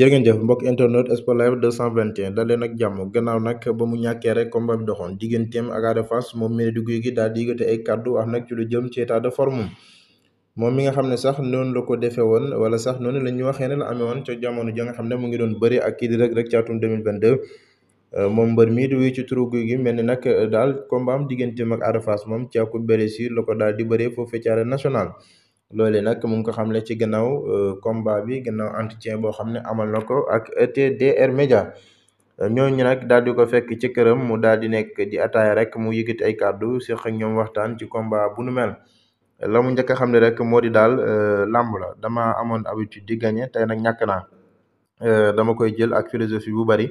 jërë ngeen jëf mbokk internet sport live 221 dal leen ak jàmm gannaaw nag ba mu ñàkkee rek combat bi doxoon digganteem ak Ada moom mi di guy daal di yëgate ay kàddu wax nag lu jëm ci état de mi nga xam ne sax noonu la ko defee woon wala sax noonu la ñu waxee ne la amee woon ca jamono ja nga xam ne mu ngi doon bëri ak kii di rek rek mil atum 2022 euh, moom mbër mii di wuy ci turu guy gi mel ni nag euh, daal combat am digganteem ak Ada moom ci aku blessure la ko daal di bëree foofee ci arène nationale loole nag mu ngi ko xamle ci gannaaw euh, combat bi gannaaw entretien boo xam ne amal na ko ak ETDR Média ñooñu nag daal di ko fekk ci këram mu daal di nekk di ataaya rek mu yëkkati ay kàddu seq ak ñoom waxtaan ci combat bu nu mel. la mu njëkk a xam ne rek moo di daal euh, làmb la dama amoon habitude di gagné tey nag ñàkk naa euh, dama koy jël ak philosophie bu bari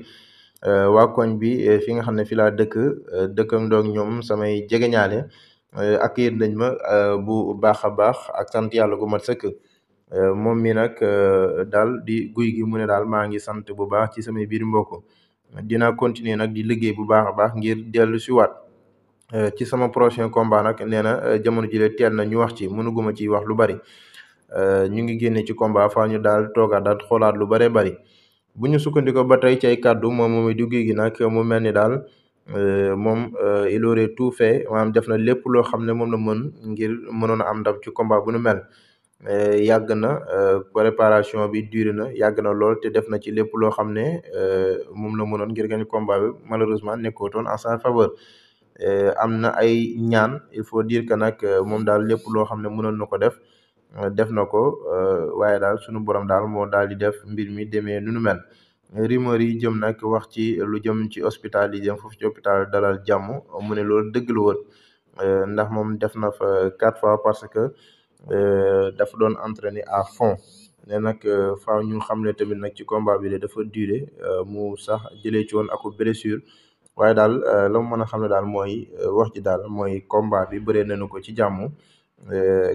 waa koñ bi fi nga xam ne fi laa dëkk dëkkam doog ñoom samay jegeñaale. Euh, ak yéen nañ ma euh, bu baax a baax ak sant yàlla gu mat sëkk euh, moom mi nag daal di guy gi mu ne daal maa ngi sant bu baax ci samay biir mbokk dinaa continuer nag di liggéey bu baax a baax ngir dellu si waat ci sama prochain combat nag nee na jamono jile teel na ñu wax ci mënuguma ci wax lu bari ñu ngi génne ci combat fa ñu daal toogaat daal xoolaat lu bare bari bu ñu ba tey ci ay kàddu moom moom di guy gi nag mu mel ni daal. Euh, moom euh, il aurait tout fait maanaam def na lépp loo xam ne moom na mën ngir mënoon a am ndam ci combat bu mel euh, yàgg na préparation bi duré na yàgg na lool te def na ci lépp loo xam ne moom la mënoon ngir gagner combat bi malheureusement nekkootoon en sa faveur am na ay ñaan il faut dire que nag moom daal lépp loo xam ne mënoon na ko def def na ko waaye daal sunu borom daal moo daal di def mbir mi demee nu nu mel. rumeur yi jëm nag wax ci lu jëm ci hospital yi jëm foofu ci hôpital Dalal Jàmm mu ne loolu dëgg la woon euh, ndax moom def na fa quatre fois parce que euh, dafa doon entraîner à fond ne nag euh, fa ñu xam ne tamit nag ci combat bi de dafa duré mu sax jëlee ci woon ak blessure waaye daal la mën a xam ne daal mooy wax ji daal mooy combat bi bëree nañu ko ci jàmm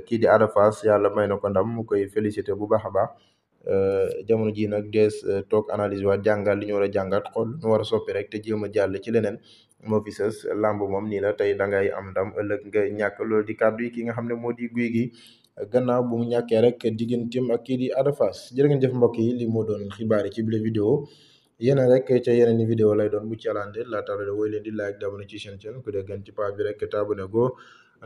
kii di Ada Fass yàlla may na ko ndam mu koy félicité bu baax a baax. Euh, jamono ji nag dees euh, toog analyse waat jàngal li ñu war a jàngat xool lu ñu war a soppi rek te jéem a jàll ci leneen moo fi sës làmb moom nii la tey da ngay am ndam ëllëg nga ñàkk loolu di kàddu yi ki nga xam ne moo di guy gi gannaaw bu ñàkkee rek digganteem ak kii di Ada Fass jërë ngeen jëf mbokk yi li moo doon xibaar yi ci bile vidéo yéen rek ca yeneen i vidéo lay doon bu ci àlante laataa la woy leen di like d'abonné ci chaîne chaîne ku dee gën ci page bi rek te abonné go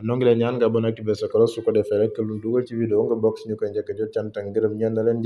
noo ngi leen ñaan nga abonné activé sa cloche su ko defee rek lu dugal ci vidéo nga bokk si ñu ko njëkk a jot cant ak ngërëm ñeen na leen